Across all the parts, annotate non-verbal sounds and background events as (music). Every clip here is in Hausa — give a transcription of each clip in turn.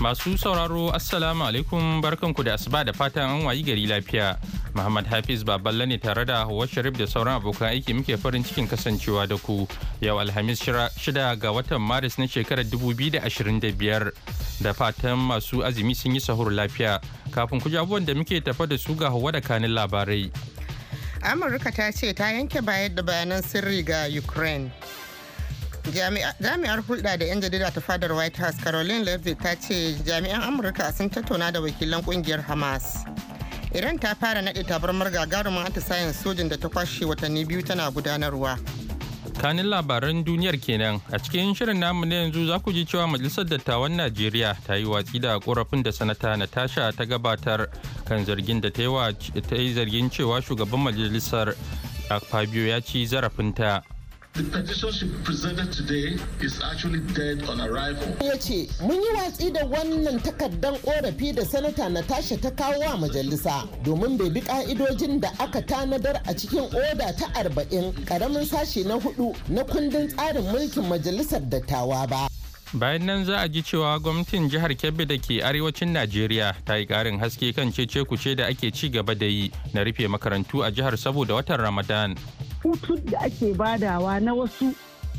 Masu sauraro Assalamu alaikum barkanku da asuba da fatan an wayi gari lafiya. Muhammad Hafiz Baballe ne tare da Hauwa Sharif da sauran abokan aiki muke farin cikin kasancewa da ku. Yau Alhamis shida ga watan Maris na shekarar 2025 da fatan masu azumi sun yi sahur lafiya. Kafin ku abubuwan da muke tafa da su ga Hauwa da kanin labarai. Amurka ta ce ta yanke bayar da bayanan sirri ga Ukraine. jami'ar hulɗa da 'yan jarida ta fadar white house caroline levy ta ce jami'an amurka sun tattauna da wakilan kungiyar hamas iran ta fara naɗe tabarmar gagarumin atisayen sojin da ta kwashe watanni biyu tana gudanarwa kanin labaran duniyar kenan a cikin shirin namu na yanzu za ku ji cewa majalisar dattawan najeriya ta yi watsi da korafin da sanata na tasha ta gabatar kan zargin da ta yi zargin cewa shugaban majalisar fabio ya ci zarafinta The petition she presented today is actually dead on arrival. Ya ce, mun yi watsi da wannan takardar korafi da Sanata na Natasha ta kawo wa majalisa domin bai bi ka'idojin da aka tanadar a cikin oda ta arba'in karamin sashi na hudu na kundin tsarin mulkin majalisar dattawa ba. bayan nan za a ji cewa gwamnatin jihar kebbi da ke arewacin najeriya ta yi karin haske kan cece kuce da ake ci gaba da yi na rufe makarantu a jihar saboda watan ramadan hutu da ake badawa na wasu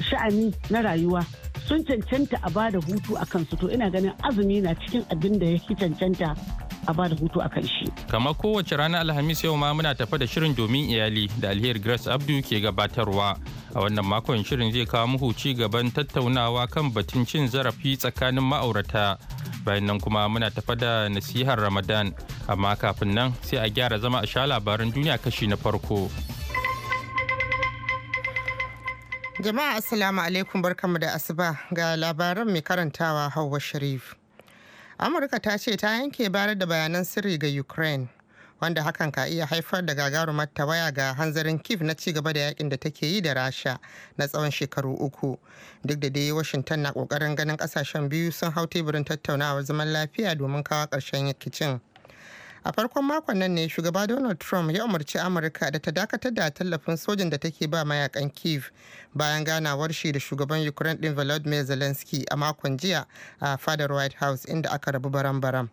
sha'ani na rayuwa sun cancanta a bada hutu a kansu to ina ganin azumi na cikin abin da ya fi cancanta a bada hutu a kan shi. Kama kowace ranar Alhamis yau ma muna tafa da shirin domin iyali da alheri Grace Abdu ke gabatarwa. A wannan makon shirin zai kawo muku ci gaban tattaunawa kan batun cin zarafi tsakanin ma'aurata. Bayan nan kuma muna tafa da nasihar Ramadan. Amma kafin nan sai a gyara zama a sha labaran duniya kashi na farko. Jama'a Assalamu alaikum mu da asuba ga labaran mai karantawa Hauwa Sharif. Amurka ta ce ta yanke bayar da bayanan sirri ga Ukraine wanda hakan ka iya haifar da gagarumar waya ga hanzarin Kiev na cigaba da yakin da take yi da Rasha na tsawon shekaru uku. Duk da dai Washington na kokarin ganin kasashen biyu sun hau teburin tattaunawar zaman lafiya domin kawo ƙarshen rikicin. a farkon makon nan ne shugaba donald trump ya umarci amurka da ta dakatar da tallafin sojin da take ba mayakan kiev bayan ganawar shi da shugaban ukraine din volodymyr zelensky a makon jiya a fadar white house inda aka rabu baram-baram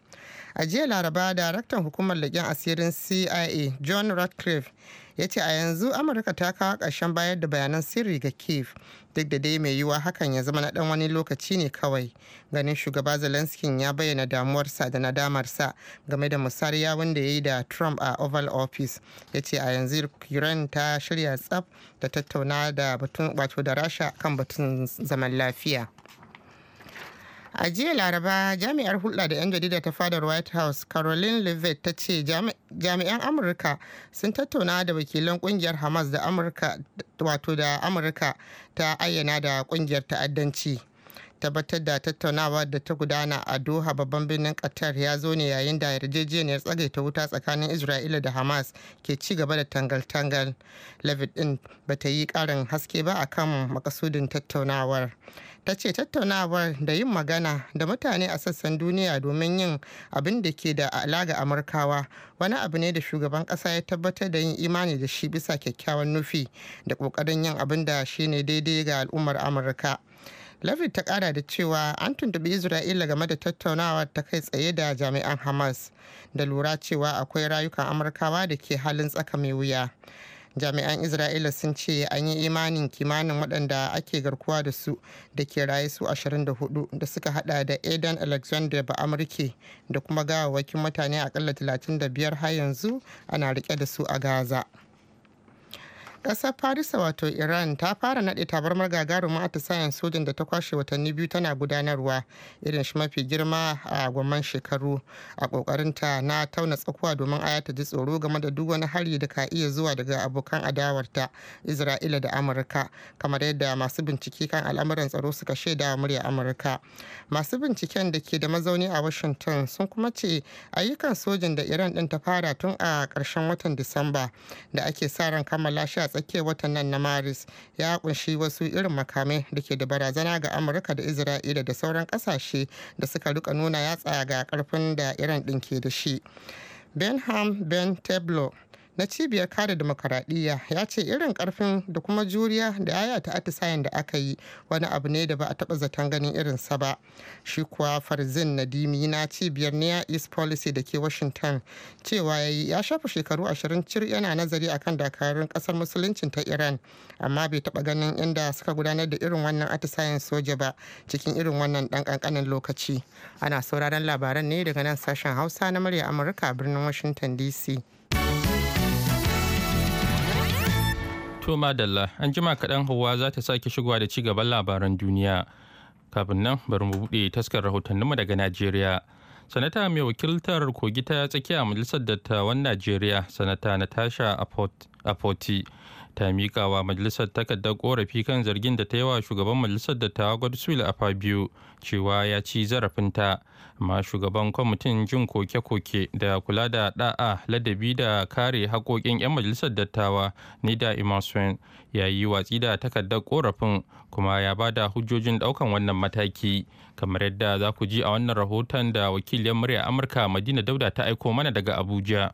a jiya laraba daraktan hukumar leƙen asirin cia john ratcliffe ya ce a yanzu amurka ta kawo ƙarshen bayar da bayanan sirri ga kiev duk da dai mai yiwuwa hakan ya zama na dan wani lokaci ne kawai ganin shugaba zelenskin ya bayyana damuwarsa da nadamarsa game da musariya wanda ya yi da trump a oval office ya ce a yanzu ukraine ta shirya tsaf da tattauna da batun wato da rasha kan batun zaman lafiya a jiya laraba jami'ar hulɗa da 'yan jarida ta fadar white house caroline levitt ta ce jami'an amurka sun tattauna da wakilan kungiyar hamas da amurka wato da amurka ta ayyana da kungiyar ta'addanci tabbatar da tattaunawa da ta gudana a doha babban birnin qatar ya zo ne yayin da yarjejeniyar ta wuta tsakanin isra'ila da hamas ke ci gaba da tangal-tangal ɗin, din ta yi karin haske ba akan makasudin tattaunawar ta ce tattaunawar da yin magana da mutane a sassan duniya domin yin abin da ke da alaga amurkawa wani abu ne da shugaban kasa ya tabbatar da yin imani da shi bisa kyakkyawan nufi da kokarin yin abin da shi ne daidai ga al'ummar amurka Lavid ta kara da cewa an tuntubi Isra'ila game da tattaunawa ta kai tsaye da jami'an Hamas da lura cewa akwai rayukan Amurkawa da ke halin tsaka mai wuya. Jami'an Isra'ila sun ce an yi imanin kimanin waɗanda ake garkuwa da su da ke raye su 24 da suka hada da eden Alexander ba Amurke da kuma gawawakin mutane akalla 35 har yanzu ana rike da su a Gaza. kasar Farisa wato Iran ta fara naɗe tabarmar gagarumin atisayen sojin da ta kwashe watanni biyu tana gudanarwa irin shi mafi girma a gwamman shekaru a ta na tauna tsakuwa domin aya ta ji tsoro game da duk wani hari da ka iya zuwa daga abokan adawarta Isra'ila da Amurka kamar yadda masu bincike kan al'amuran tsaro suka shaida wa murya Amurka. Masu binciken da ke da mazauni a Washington sun kuma ce ayyukan sojin da Iran din ta fara tun a karshen watan Disamba da ake sa ran kammala sha a tsakiyar watan nan na maris ya kunshi wasu irin makamai da ke da barazana ga amurka da isra'ila da sauran kasashe da suka rika nuna ya tsaya ga karfin da iran ɗin ke da shi benham ben tablo na cibiyar kare demokaradiyya ya ce irin karfin da kuma juriya da yaya ta atisayen da aka yi wani abu ne da ba a taba zaton ganin irinsa ba shi kuwa farzin nadimi na cibiyar near east policy da ke washington cewa ya yi ya shafa shekaru ashirin cir yana nazari akan dakarun ƙasar musuluncin ta iran amma bai taba ganin inda suka gudanar da irin wannan atisayen soja ba cikin irin wannan ɗan kankanin lokaci ana sauraron labaran ne daga nan sashen hausa na murya amurka birnin washington dc To madalla an jima kaɗan hawa za ta sake shigowa da ci gaban labaran duniya. Kafin nan bari mu buɗe taskar rahotanninmu daga Najeriya. Sanata mai wakiltar kogi ta tsakiya majalisar dattawan Najeriya, Sanata Natasha Apoti, ta miƙa wa majalisar takardar korafi kan zargin da ta yi wa shugaban majalisar dattawa Godswill Afabio cewa ya ci zarafinta amma shugaban kwamitin jin koke-koke da kula da da'a ladabi da kare haƙoƙin 'yan majalisar dattawa da imasuwan ya yi watsi da takardar korafin kuma ya ba da hujjojin ɗaukan wannan mataki kamar yadda za ku ji a wannan rahoton da wakiliyar murya amurka madina dauda ta aiko mana daga abuja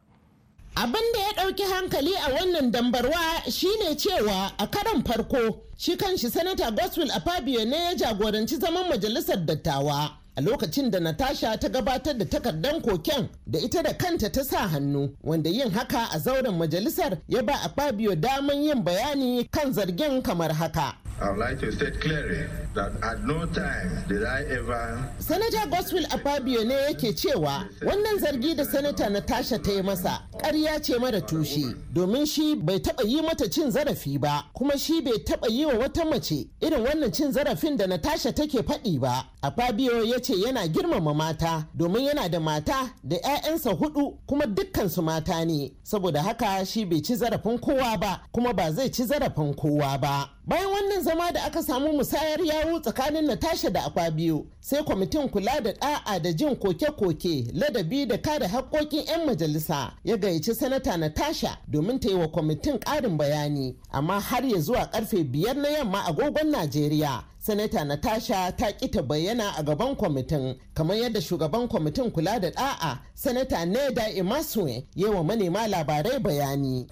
Abin da ya ɗauki hankali a wannan dambarwa shine cewa a karon farko shi kanshi sanata Goswell a ne ya jagoranci zaman majalisar dattawa. a lokacin da Natasha ta gabatar da takardan koken da ita da kanta ta sa hannu wanda yin haka a zauren majalisar ya ba a Fabio daman yin bayani kan zargin kamar haka. I would like to state clearly that at no time did I ever... Senator Boswell Afabio ne yake cewa wannan zargi da Sanata Natasha ta yi masa ƙarya ce mara tushe domin shi bai taɓa yi mata cin zarafi ba kuma shi bai taɓa yi wa wata mace irin wannan cin zarafin da Natasha take faɗi ba. Afabio ya ce yana girmama mata domin yana da mata da 'ya'yansa hudu kuma dukkansu mata ne saboda haka shi bai ci zarafin kowa ba kuma ba zai ci zarafin kowa ba. bayan wannan zama da aka samu musayar yawo tsakanin natasha da akwa biyu sai kwamitin kula da da'a da jin koke-koke ladabi da kare haƙƙoƙin 'yan majalisa ya gayyaci sanata natasha domin ta yi wa kwamitin ƙarin bayani amma har ya zuwa karfe biyar na yamma agogon najeriya sanata natasha ta ƙi ta bayyana a gaban kwamitin kamar yadda shugaban kwamitin kula da da'a sanata neda imasue yi wa manema labarai bayani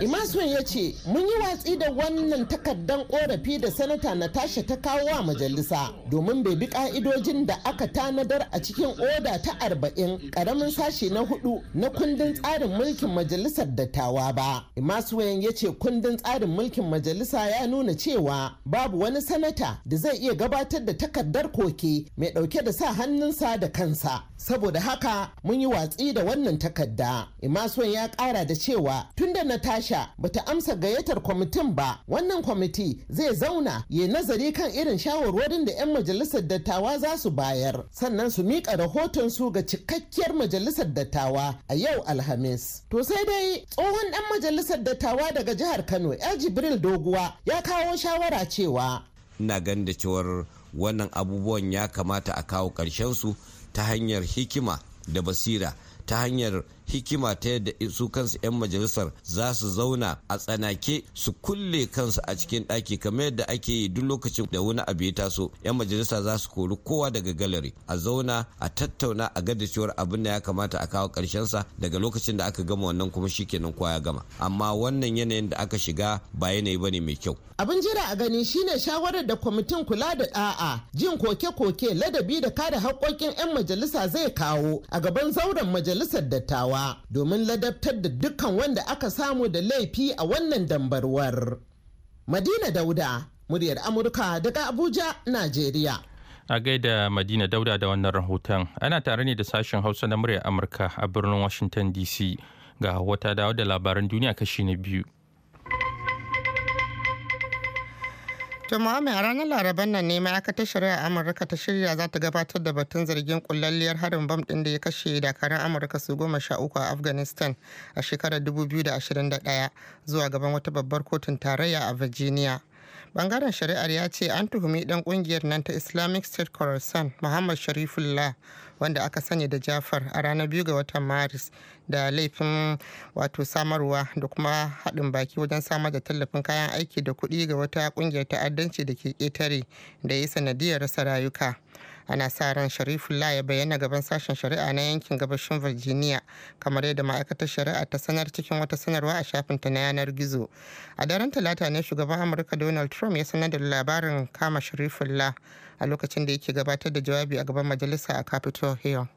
imasue ya ce mun yi watsi da wannan takardar korafi da sanata na natasha ta kawo wa majalisa domin bai bi ka'idojin da aka tanadar a cikin oda ta arba'in karamin sashe na hudu na kundin tsarin mulkin majalisar dattawa ba imasue ya ce kundin tsarin mulkin majalisa ya nuna cewa babu wani sanata da zai iya gabatar da takardar koke mai dauke da sa hannunsa da kansa saboda haka mun yi watsi da wannan takarda imason ya kara da cewa tun tunda natasha bata amsa gayyatar kwamitin ba wannan kwamiti zai zauna ya nazari kan irin shawarwarin da 'yan majalisar dattawa za su bayar sannan su miƙa rahoton su ga cikakkiyar majalisar dattawa a yau alhamis to sai dai tsohon dan majalisar dattawa daga jihar kano el jibril doguwa ya kawo shawara cewa ina ganin da cewar wannan abubuwan ya kamata a kawo su ta hanyar hikima da basira ta hanyar hikima ta yadda su kansu 'yan majalisar za su zauna a tsanake su kulle kansu a cikin ɗaki kamar yadda ake yi duk lokacin da wani abu ya taso 'yan majalisa za su kori kowa daga galeri a zauna a tattauna a gada cewar abin da ya kamata a kawo sa daga lokacin da aka gama wannan kuma shikenan kowa ya gama amma wannan yanayin da aka shiga ba yanayi bane mai kyau abin jira a gani shine shawarar da kwamitin kula da da'a jin koke-koke ladabi da kada haƙƙoƙin 'yan majalisa zai kawo a gaban zauren majalisar dattawa domin ladabtar da dukkan wanda aka samu da laifi a wannan dambarwar. Madina Dauda, muryar Amurka daga Abuja, Najeriya. A gaida Madina Dauda da wannan rahoton, ana tare ne da sashen Hausa na muryar Amurka a birnin Washington DC ga wata dawo da labaran duniya kashi na biyu. To mai a ranar Laraban nan ne ma'aikatar shari'a Amurka ta shirya za ta gabatar da batun zargin kullalliyar harin bam ɗin da ya kashe dakarun Amurka su goma sha uku a Afghanistan a shekarar 2021 zuwa gaban wata babbar kotun tarayya a Virginia. Bangaren shari'ar ya ce an tuhumi dan kungiyar nan ta Islamic State Khorasan Muhammad Sharifullah wanda aka sani da Jafar a ranar biyu ga watan Maris da laifin wato samarwa da kuma haɗin baki wajen samar da tallafin kayan aiki da kuɗi ga wata kungiyar ta'addanci da ke ƙetare da ya sanadiyar rasa rayuka. ana sa ran sharifullah ya bayyana gaban sashen shari'a na yankin gabashin virginia kamar yadda ma'aikatar shari'a ta sanar cikin wata sanarwa a shafinta na yanar gizo a daren talata ne shugaban amurka donald trump ya sanar da labarin kama sharifullah a lokacin da yake gabatar da jawabi a gaban majalisa a capitol hill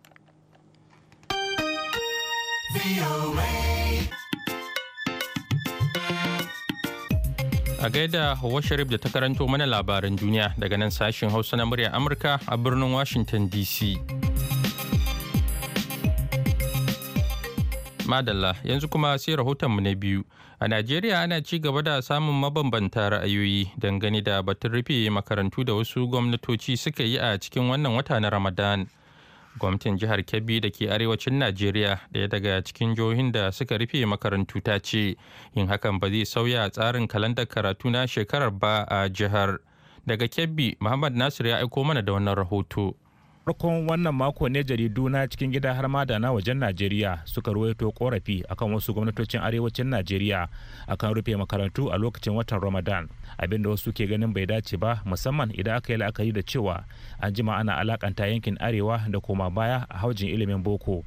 a gaida Hauwa Sharif da ta karanto mana labaran duniya daga nan sashen Hausa na murya Amurka a birnin Washington DC. Madalla yanzu kuma sai rahotonmu na biyu. A Najeriya ana ci gaba da samun mabambanta ra'ayoyi dangane da batun rufe makarantu da wasu gwamnatoci suka yi a cikin wannan wata na Ramadan. gwamnatin jihar kebbi da ke arewacin najeriya ɗaya daga cikin jihohin da suka rufe makarantu ta ce yin hakan ba zai sauya tsarin kalandar karatu na shekarar ba a jihar daga kebbi muhammad nasir ya aiko mana da wannan rahoto farkon wannan mako ne jaridu na cikin gida har ma da na wajen najeriya suka ruwaito korafi akan wasu gwamnatocin arewacin najeriya akan rufe makarantu a lokacin watan ramadan abinda wasu ke ganin bai dace ba musamman idan aka yi la'akari da cewa an jima ana alakanta yankin arewa da koma baya a haujin ilimin boko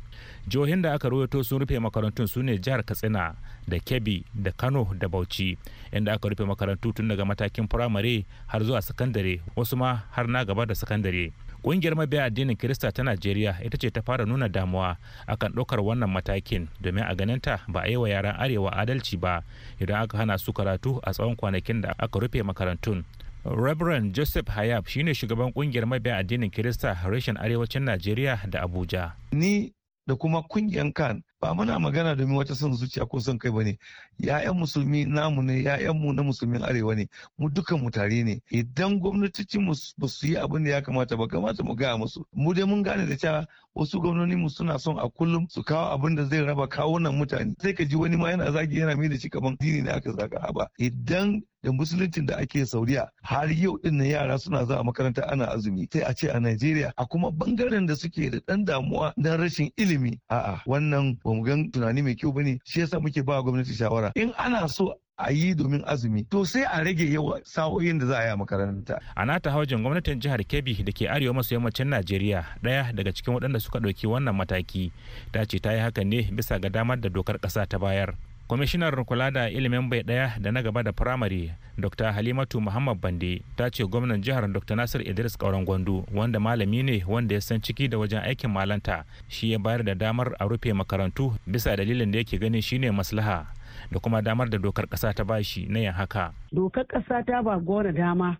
jihohin da aka ruwaito sun rufe makarantun su ne jihar katsina da kebbi da kano da bauchi inda aka rufe makarantu tun daga matakin firamare har zuwa sakandare wasu ma har na gaba da sakandare Ƙungiyar mabiya addinin Kirista ta Najeriya ita ce ta fara nuna damuwa akan ɗaukar wannan matakin domin a ganinta ba a yi wa yaran arewa adalci ba idan aka hana su karatu a tsawon kwanakin da aka rufe makarantun. Reverend Joseph Hayab shine shugaban kungiyar mabiya addinin Kirista rashin arewacin Najeriya da Abuja. Ni da kuma kungiyar kan ba muna magana domin wata son zuciya ko son kai ba ne. 'ya'yan musulmi namu ne Ya'yan mu na musulmin arewa ne mu dukan mu tare ne idan gwamnatoci ba su yi abin da ya kamata ba kamata mu gaya musu mu dai mun gane da cewa wasu gwamnoni mu suna son a kullum su kawo abin da zai raba kawunan mutane sai ka ji wani ma yana zagi yana mai da shi kaman dini ne aka zaka ba idan da musuluncin da ake sauriya har yau din na yara suna zuwa makaranta ana azumi sai a ce a Najeriya a kuma bangaren da suke da dan damuwa na rashin ilimi a'a wannan ba mu gan tunani mai kyau bane shi yasa muke ba gwamnati shawara shawara in ana so a yi domin azumi to sai a rage yawa sa'o'in da za a yi a makaranta. A nata haujin gwamnatin jihar Kebbi da ke arewa maso yammacin Najeriya ɗaya daga cikin waɗanda suka ɗauki wannan mataki ta ce ta yi hakan ne bisa ga damar da dokar ƙasa ta bayar. kwamishinar kula da ilimin bai daya da na gaba da firamare dr halimatu muhammad bande ta ce gwamnan jihar dr nasir idris kauran gwandu wanda malami ne wanda ya san ciki da wajen aikin malanta shi ya bayar da damar a rufe makarantu bisa dalilin da yake ganin ne maslaha da kuma damar da dokar kasa ta ba shi na yin haka dokar kasa ta ba gona dama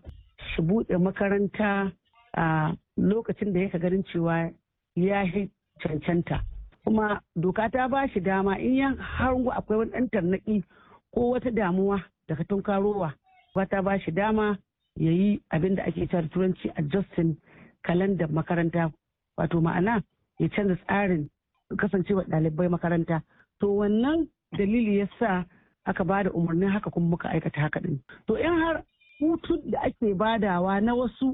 su buɗe makaranta a lokacin da yake ganin cewa ya cancanta kuma doka ta ba shi dama in yan harungu akwai wani ɗan tarnaki ko wata damuwa daga tunkarowa ba ta ba shi dama ya yi abin da ake cewa turanci a justin kalandar makaranta wato ma'ana ya canza tsarin kasancewa ɗalibai makaranta to wannan dalili ya sa aka ba da umarnin haka kuma muka aikata haka ɗin to in har hutun da ake badawa na wasu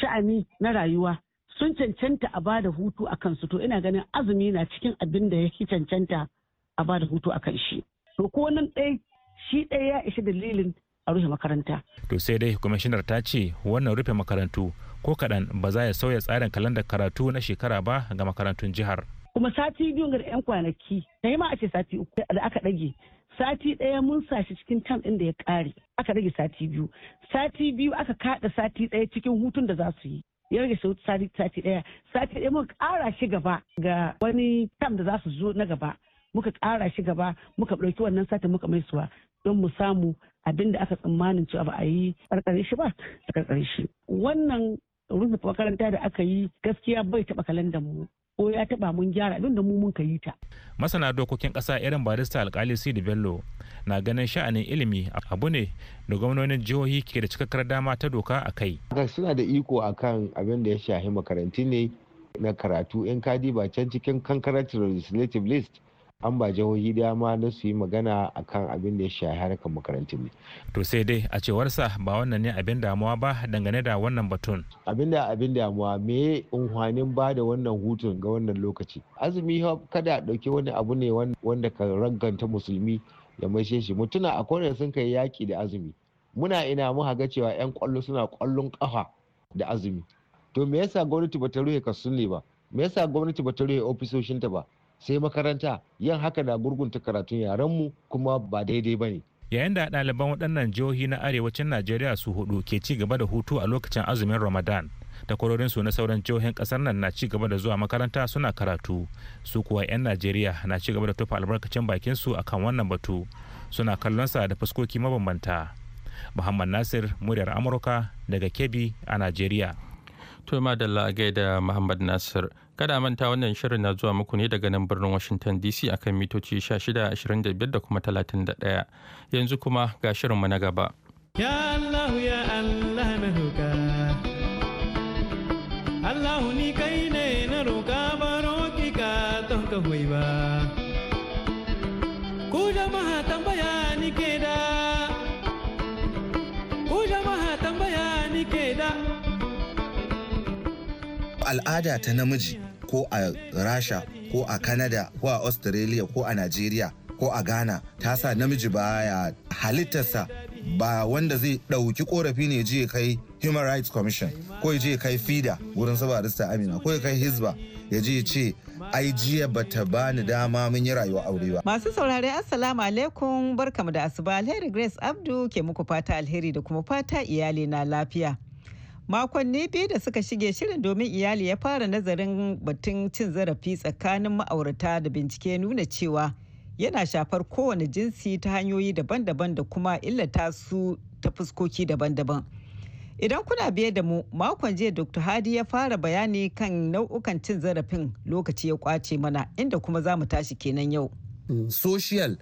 sha'ani na rayuwa sun cancanta a bada hutu a kansu to ina ganin azumi na cikin abin da ya cancanta a bada hutu a kan shi to ko nan ɗaya shi ɗaya ya ishi dalilin a rufe makaranta to sai dai kwamishinar ta ce wannan rufe makarantu ko kaɗan ba za ya sauya tsarin kalandar karatu na shekara ba ga makarantun jihar kuma sati biyu ga 'yan kwanaki ta yi ma a ce sati uku da aka ɗage sati ɗaya mun sashi cikin tam ɗin da ya ƙare aka rage sati biyu sati biyu aka kaɗa sati ɗaya cikin hutun da za su yi ya rage su sati sati daya sati daya muka kara shi gaba ga wani tam da za su zo na gaba muka kara shi gaba muka ɗauki wannan satin muka mai suwa don mu samu abin da aka tsammanin cewa ba a yi karkare shi ba a karkare shi wannan rufe makaranta da aka yi gaskiya bai taɓa kalandar mu ko ya taba mun gyara don da mu mun yi ta. Masana dokokin ƙasa irin barista alkali Sidi Bello na ganin sha'anin ilimi abu ne da gwamnonin jihohi ke da cikakkar dama ta doka a kai. suna da iko akan abin da ya shahi makarantu ne na karatu in kadi ba can cikin concurrent legislative list an ba jihohi dama na su yi magana a kan abin da ya shafi harkar makarantun ne. To sai dai a cewarsa ba wannan ne abin damuwa ba dangane da wannan batun. Abin da abin damuwa me unhwanin ba da wannan hutun ga wannan lokaci. Azumi kada a ɗauki wani abu ne wanda ka raganta musulmi ya maishe shi mutuna a kone sun kai yaƙi da azumi. Muna ina mu ga cewa 'yan kwallo suna ƙwallon ƙafa da azumi. To me yasa gwamnati ba ta ruhe ne ba? Me yasa gwamnati ba ta ruhe ofisoshinta ba? sai makaranta yin haka na gurgunta karatun yarenmu kuma ba daidai ba ne yayin da ɗaliban waɗannan jihohi na arewacin najeriya su hudu ke ci gaba da hutu a lokacin azumin ramadan takwarorinsu na sauran jihohin ƙasar nan na ci gaba da zuwa makaranta suna karatu su kuwa 'yan najeriya na ci gaba da tufa albarkacin bakin bakinsu akan wannan batu suna kallon sa da fuskoki mabambanta muhammad nasir muryar amurka daga kebbi a najeriya To Madalla a gaida Muhammad Nasir. Kada manta wannan shirin na zuwa muku ne daga nan birnin Washington DC akan mitoci 1625 da kuma 31. Yanzu kuma ga shirinmu na gaba. Ya Allah ya Allah na roƙa. Allah ni kai ne na roƙa baro ki ka don ka ba. Ku jama'a tambaya ni ke da al'ada ta namiji ko a rasha ko a kanada ko a australia ko a nigeria ko a ghana ta sa namiji baya halittarsa ba wanda zai ɗauki korafi ne ji kai human rights commission ko ya je kai fida wurin saba rista amina ko ya kai hizba ya je ce ai jiya bata bani dama mun yi rayuwa aure ba masu saurare assalamu alaikum barkamu da asuba alheri grace abdu ke muku fata alheri da kuma fata iyali na lafiya makonni biyu da suka shige shirin domin iyali ya fara nazarin batun cin zarafi tsakanin ma'aurata da bincike nuna cewa yana shafar kowane jinsi ta hanyoyi daban-daban da kuma illata su ta fuskoki daban-daban idan kuna biye da mu makon jiya dr hadi ya fara bayani kan nau'ukan cin zarafin lokaci ya kwace mana inda kuma za mu tashi kenan yau social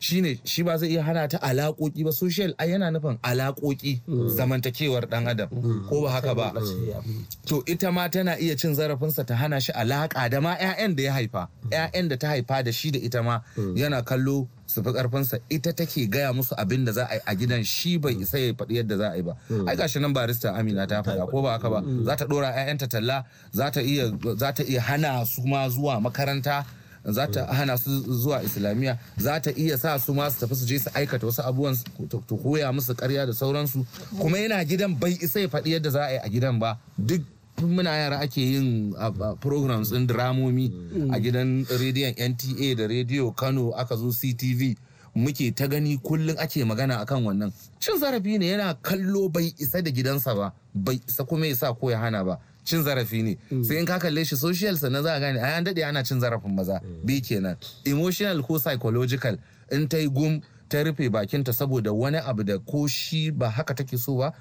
shine shi ba zai iya hana ta alakoki ba social ai yana nufin alaƙoƙi mm. zamantakewar dan adam mm. ko ba haka ba mm. to ita ma tana iya cin zarafinsa ta hana shi alaƙa da ma 'ya'yan da ya haifa 'ya'yan da ta haifa da shi da ita ma yana kallo su fi karfinsa ita take gaya musu abin da za a yi a gidan shi bai isa ya faɗi yadda za a yi ba ai gashi nan barista amina ta faɗa ko ba haka ba za ta ɗora 'ya'yanta talla za ta iya hana su ma zuwa makaranta za ta mm. hana su zuwa islamiyya za ta iya sa su ma su tafi su je su aikata wasu abubuwan ta koya musu karya da sauransu kuma yana gidan bai isa ya faɗi yadda za a yi a gidan ba duk muna yara ake yin programs din dramomi a mm. gidan rediyon nta da rediyo kano aka zo ctv muke ta gani kullum ake magana akan wannan cin zarafi ne yana kallo bai isa da gidansa ba bai isa kuma ya sa ko ya hana ba cin zarafi ne mm. sai in ka kalle shi social sannan za a gane ai an dade ana cin zarafin maza mm. bi kenan emotional ko psychological in ta yi gum ta rufe bakinta saboda wani abu da ko shi ba haka take so ba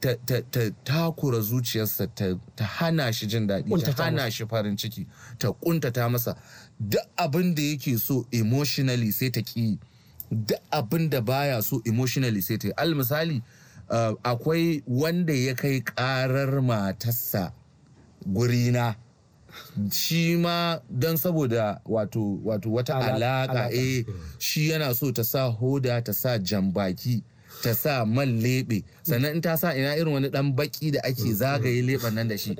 ta takura zuciyarsa ta hana shi jin daɗi ta hana shi farin ciki ta kuntata masa duk abin da yake so emotionally sai ta ki duk abin da baya so emotionally sai ta yi al misali Eh, akwai wanda ya kai karar matarsa gurina shi ma don saboda wato wata alaka eh shi yana so ta sa hoda ta sa jambaki ta sa man lebe sannan in ta sa ina irin wani dan baki da ake mm-hmm. zagaye leban nan da shi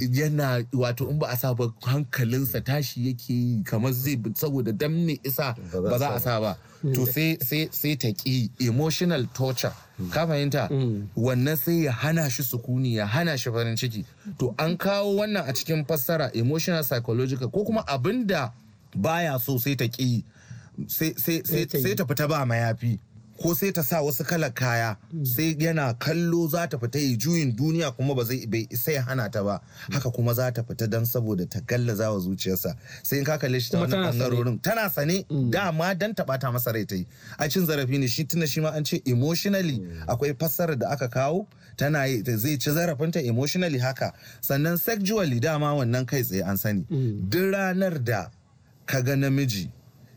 (laughs) yana wato in ba a sa ba hankalinsa tashi yake yi kamar zai saboda damne isa ba za a sa ba mm. to sai ta ki emotional torture mm. ka fahimta mm. wannan sai ya hana shi sukuni ya hana shi farin ciki to an kawo wannan a cikin fassara emotional psychological ko kuma abinda baya so sai ta ki sai ta fita ba mayafi ko sai ta sa wasu kalar kaya hmm. sai yana kallo za ta fita yi juyin duniya kuma ba zai bai sai hana ta ba hmm. haka kuma za ta fita dan saboda ta gallaza wa zuciyarsa sai in ka kalle shi ta wani bangarorin tana sane hmm. dama dan ta bata masa rai ta yi a cin zarafi ne shi tuna shi ma an ce emotionally akwai fassarar da aka kawo tana yi zai ci zarafinta emotionally haka sannan sexually dama wannan kai tsaye an sani duk ranar da ka ga namiji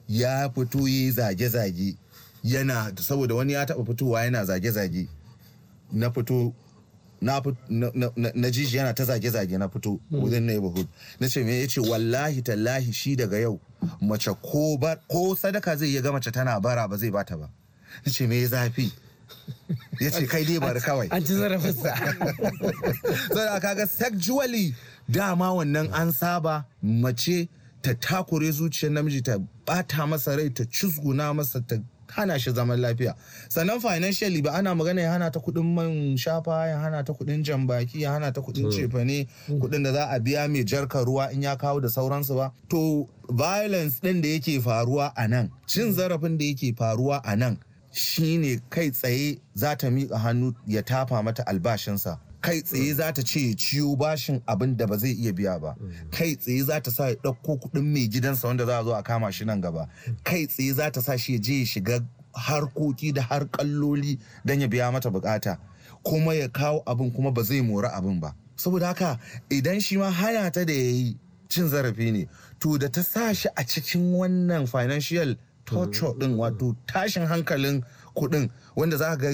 ya fito yi zage-zage yana saboda wani ya taba fitowa yana zage-zage na fito na na jiji yana ta zage-zage na fito within neighborhood na ce me yace wallahi tallahi shi daga yau mace ko ko sadaka zai iya ga mace tana bara ba zai bata ba na ce me zafi ya ce kai dai bari kawai an ci zarafinsa (laughs) saboda kaga sexually dama wannan an saba mace ta takure zuciyar namiji ta bata masa rai ta cizguna masa ta hana shi zaman lafiya sannan financially ba ana magana ya hana ta kuɗin man shafa ya hana ta kuɗin jambaki ya hana ta kuɗin hmm. cefane hmm. kuɗin da za a biya mai jarka ruwa in ya kawo da sauransu ba to violence ɗin da yake faruwa a nan cin hmm. zarafin da yake faruwa a nan shine kai tsaye za ta miƙa hannu ya tafa mata albashinsa kai tsaye za ta ce ya ciyo bashin abin da ba zai iya biya ba kai tsaye za ta sa ya ɗauko kuɗin mai gidansa wanda za a zo a kama shi nan gaba kai tsaye za ta sa shi ya je ya shiga harkoki da har kalloli don ya biya mata bukata kuma ya kawo abin kuma ba zai mori abin ba saboda haka idan shi ma hana ta da ya yi cin zarafi ne to da ta sa shi a cikin wannan financial torture din wato tashin hankalin kuɗin wanda za ga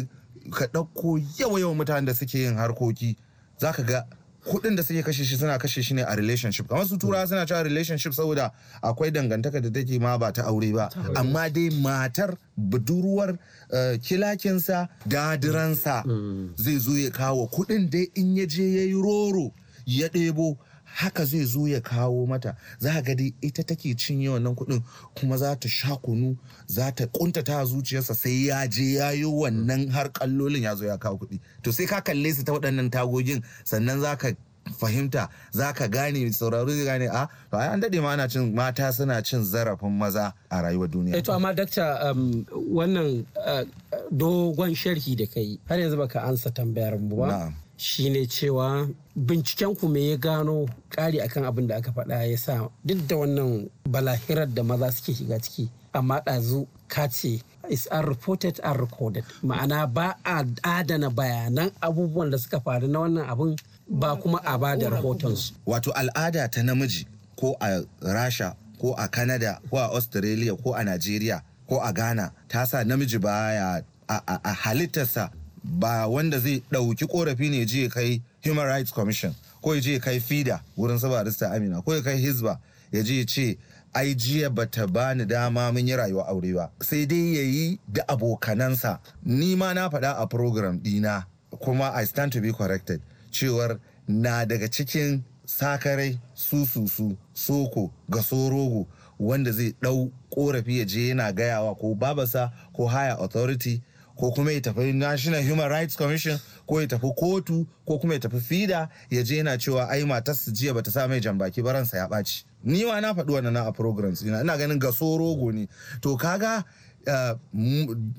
ka ɗauko yawa-yawan mutanen da suke yin harkoki za ka ga kuɗin da suke kashe shi suna kashe shi ne a relationship kamar su turawa suna cewa relationship saboda akwai dangantaka da take ma ba ta aure ba amma dai matar budurwar eh, kilakinsa dadiransa mm. zai zo ya kawo kuɗin dai in ya je ya yi roro ya ɗebo haka zai zo ya kawo mata za ga dai ita take cinye wannan kuɗin kuma za ta sha kunu za ta kuntata zuciyarsa sai ya je ya yi wannan har kallolin ya zo ya kawo kuɗi to sai ka kalle su ta waɗannan tagogin sannan za ka fahimta za ka gane sauraro zai gane a ah, to ai an dade ma ana cin mata suna cin zarafin maza a rayuwar duniya eh to amma dakta um, wannan uh, dogon sharhi da kai har yanzu baka ansa tambayar mu ba shine cewa binciken ku me ya gano kari akan abin da aka faɗa ya sa duk da wannan balahirar da maza suke shiga ciki amma ɗazu ka ce is reported a recorded ma'ana ba a adana bayanan abubuwan da suka faru na wannan abin ba kuma a ba da rahotonsu wato al'ada ta namiji ko a rasha ko a kanada ko a australia ko a nigeria ko a ghana ta sa namiji baya a, a halittarsa ba wanda zai ɗauki korafi ne je kai human rights commission ko ya je kai fida wurin sabarista Rista amina ko ya kai hizba ya je ce ai jiya bata bani dama mun yi rayuwa aure ba sai dai ya yi da abokanansa ni ma na faɗa a program ɗina kuma i stand to be corrected cewar na daga cikin sakarai sususu soko ga sorogo wanda zai ɗau korafi ya je yana gayawa ko babasa ko haya authority ko kuma ya tafi national human rights commission ko ya tafi kotu ko kuma ya tafi fida ya je yana cewa ai matarsa jiya bata sa mai jambaki ba ransa ya ɓaci ni ma na faɗi wannan a programs ina ganin gaso rogo ne to kaga Eh,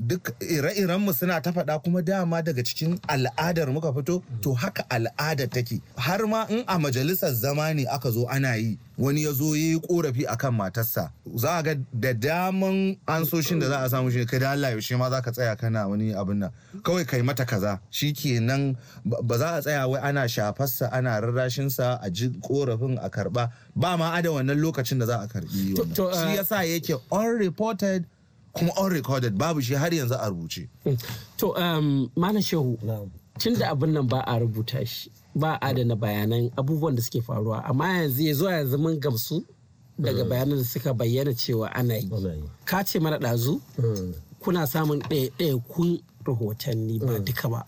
duk ire-irenmu suna ta faɗa kuma dama daga cikin al'adar muka fito to haka al'ada take har ma in a majalisar zama ne aka zo ana yi wani ya zo ya yi korafi kan matarsa za a ga da daman ansoshin da za a samu shi kai da Allah yaushe ma za ka tsaya kana wani abin nan kawai kai mata kaza shi kenan ba za a tsaya wai ana shafarsa ana rarrashinsa a ji korafin a karba ba ma ada wannan lokacin da za a karbi wannan eh, shi yasa yake unreported kuma on recorded babu shi har yanzu a rubuce. To um, Malam Shehu, tun da abin nan ba a rubuta shi ba a adana bayanan abubuwan da suke faruwa amma yanzu ya zuwa yanzu mun gamsu daga mm. bayanan da suka bayyana cewa ana yi. Ka ce mana ɗazu? Mm. Kuna samun ɗaya ɗaya kun rahotanni ba mm. duka ba.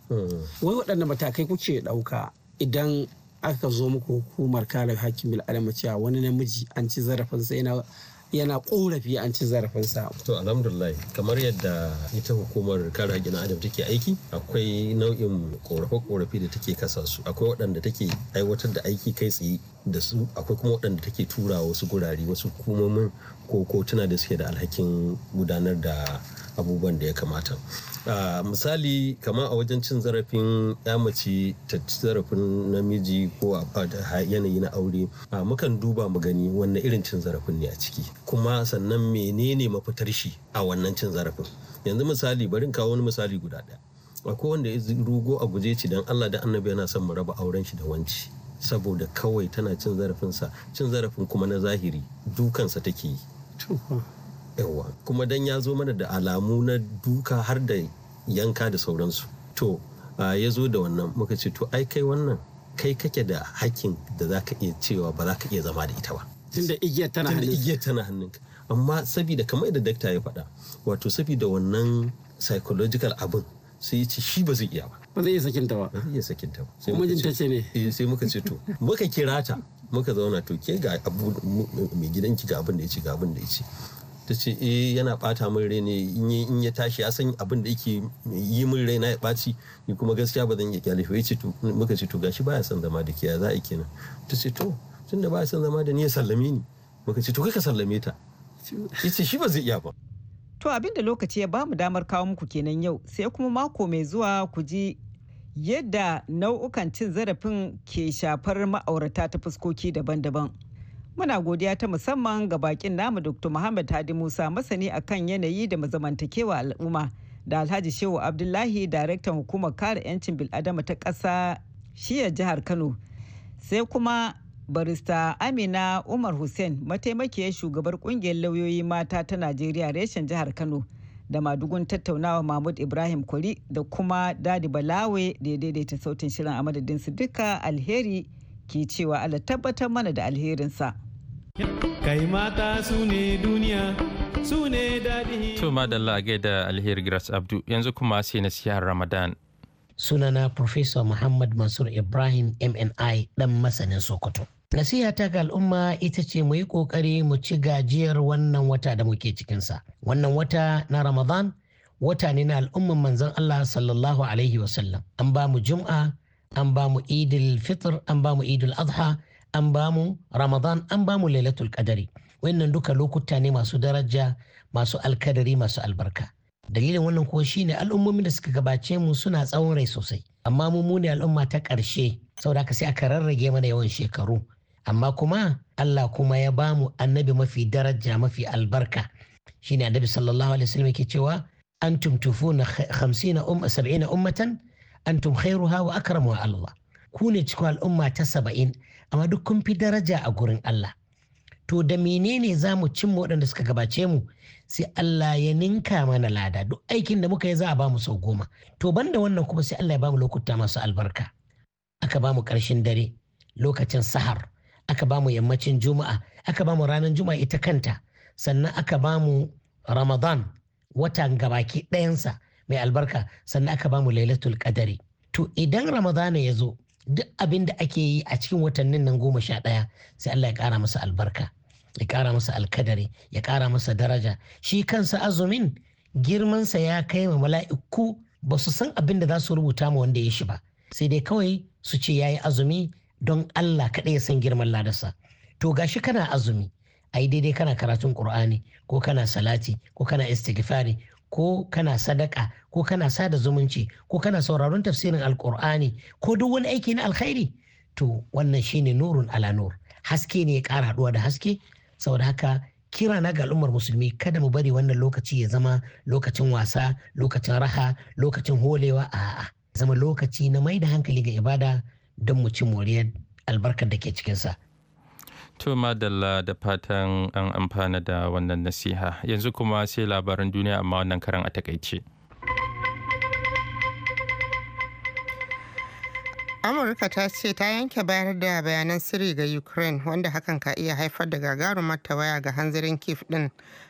Wai waɗanda matakai kuke ɗauka idan aka zo muku hukumar kare hakimin bil'adama cewa wani namiji an ci zarafinsa yana yana korafi an ci zarafinsa. To alhamdulillah kamar yadda ita hukumar kare haƙƙin adam take aiki akwai nau'in korafe-korafe da take kasa su akwai waɗanda take aiwatar da aiki kai tsaye da su akwai kuma waɗanda take tura wasu gurare wasu hukumomin ko kotuna da suke da alhakin gudanar da abubuwan da ya kamata misali kama a wajen cin zarafin ya mace ta ci zarafin namiji ko a yanayi na aure mukan duba mu gani wannan irin cin zarafin ne a ciki kuma sannan menene mafitar shi a wannan cin zarafin yanzu misali barin kawo wani misali guda ɗaya akwai wanda ya rugo a guje ci dan Allah da annabi yana son mu raba auren shi da wanci saboda kawai tana cin zarafin sa cin zarafin kuma na zahiri dukansa take yi yawa kuma dan ya zo mana da alamu na duka har da yanka da sauransu to ya zo da wannan muka ce to ai kai wannan kai kake da hakkin da za ka iya cewa ba za ka iya zama da ita ba tunda igiyar tana hannunka igiyar tana hannunka amma saboda kamar yadda dakta ya faɗa wato saboda wannan psychological abin sai ya ce shi ba zai iya ba ba zai iya sakinta ba ba zai iya sakinta ba kuma jinta ce ne eh, sai muka ce to muka kira ta muka zauna to ke ga abu mai gidanki ga abin da ya ce ga abin da ya ce ta ce eh yana bata min rai ne in ya tashi ya san abin da yake yi min rai na ya ɓaci ni kuma gaskiya ba zan iya kyale shi ce muka ce to gashi baya son zama da kiya za a kenan ta ce to tunda baya san zama da ni ya sallame ni muka ce to kai ka sallame ta yace shi ba zai iya ba to abin da lokaci ya bamu damar kawo muku kenan yau sai kuma mako mai zuwa ku ji yadda nau'ukan cin zarafin ke shafar ma'aurata ta fuskoki daban-daban Muna godiya ta musamman ga bakin namu Dr. Muhammad Hadi Musa masani akan yanayi da mazamantakewa al'umma da Alhaji Shehu Abdullahi daraktan hukumar kare 'yancin bil'adama ta ƙasa shiya jihar Kano. Sai kuma barista Amina Umar Hussein mataimakiyar shugabar ƙungiyar lauyoyi mata ta Najeriya reshen jihar Kano da madugun tattaunawa Mahmud Ibrahim Kuri da kuma Dadi Balawe da ya daidaita sautin shirin a madadinsu duka alheri. ke cewa ala tabbatar mana da alherinsa. Kai mata su ne duniya su ne daɗi. To madalla gaida alheri gras Abdu yanzu kuma sai nasihar Ramadan. Sunana Professor Muhammad Mansur Ibrahim MNI ɗan masanin Sokoto. Nasiha ta ga al'umma ita ce mu yi ƙoƙari mu ci gajiyar wannan wata da muke cikinsa. Wannan wata na Ramadan wata ne na al'umman manzon Allah sallallahu Alaihi wasallam. An ba mu juma'a an ba mu idil fitr an ba mu idil adha an ba mu ramadan an ba mu lailatul qadari wannan duka lokuta ne masu daraja masu alkadari masu albarka dalilin wannan kuwa shine al'ummomin da suka gabace mu suna tsawon rai sosai amma mu mu ne al'umma ta ƙarshe saboda sai aka rarrage mana yawan shekaru amma kuma Allah kuma ya bamu annabi mafi daraja mafi albarka shine annabi sallallahu alaihi wasallam yake cewa antum tufuna 50 um 70 ummatan antum khairuha wa akramu Allah ku ne cikin al'umma ta saba'in amma duk kun fi daraja a gurin Allah to da menene za mu cin waɗanda suka gabace mu sai Allah ya ninka mana lada duk aikin da muka yi za a ba mu sau goma to banda wannan kuma sai Allah ya ba mu lokuta masu albarka aka ba mu ƙarshen dare lokacin sahar aka ba mu yammacin juma'a aka ba mu ranar juma'a ita kanta sannan aka ba mu ramadan watan gabaki ɗayansa mai albarka sannan aka bamu lailatul qadari to idan ramadana ya zo duk abin da ake yi a cikin watannin nan goma sha ɗaya sai Allah ya ƙara masa albarka ya ƙara masa alkadari ya ƙara masa daraja shi kansa azumin girmansa ya kai ma mala'iku ba su san abin da za su rubuta ma wanda ya shi ba sai dai kawai su ce ya yi azumi don Allah kaɗai ya san girman ladarsa to gashi kana azumi ai daidai kana karatun qur'ani ko kana salati ko kana istighfari ko kana sadaka ko kana sada zumunci ko kana sauraron tafsirin alkur'ani ko duk wani aiki na alkhairi to wannan shine nurun ala nur haske ne ya kara haduwa da haske saboda haka kira na ga al'ummar musulmi kada mu bari wannan lokaci ya zama lokacin wasa lokacin raha lokacin holewa a a'a zama lokaci na mai da hankali ga ibada don mu ci moriyar albarkar da ke cikinsa To dala da fatan an amfana da wannan nasiha yanzu kuma sai labaran duniya amma wannan karan a takaice. amurka ta ce ta yanke bayar da bayanan sirri ga ukraine wanda hakan ka iya haifar da gagarumar ta waya ga hanzarin kif din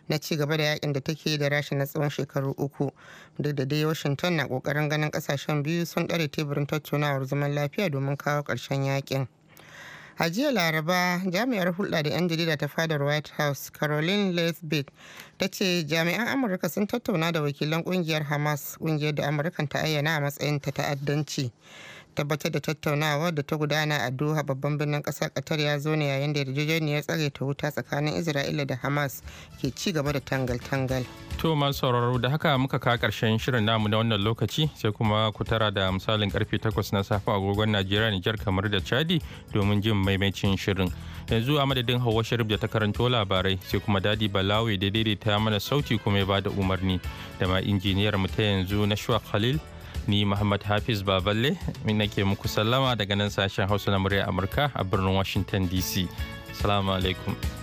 na ci gaba da yakin da take da rashin na tsawon shekaru uku duk da dai washington na kokarin ganin kasashen biyu sun ɗare teburin tattaunawar zaman lafiya domin kawo ƙarshen yakin. a jiya laraba jami'ar hulɗa da 'yan jarida ta fadar white house caroline lesbeth ta ce jami'an amurka sun tattauna da wakilan kungiyar hamas kungiyar da amurkan ta ayyana a matsayin ta ta'addanci tabbatar da tattaunawa da ta gudana a doha babban birnin kasar katar ya zo ne yayin da yarjejeniyar tsare ta wuta tsakanin isra'ila da hamas ke ci gaba da tangal-tangal to masu sauraro da haka muka kawo karshen shirin namu na wannan lokaci sai kuma ku tara da misalin karfe 8 na safe agogon najeriya nijar kamar da chadi domin jin maimacin shirin yanzu a madadin hawa sharif da ta karanto labarai sai kuma dadi balawe da daidaita mana sauti kuma ya bada umarni da ma injiniyar mu ta yanzu na shuwa khalil ni Muhammad Hafiz Baballe min nake muku sallama daga nan sashen Hausa na murya Amurka a birnin Washington DC. Assalamu alaikum.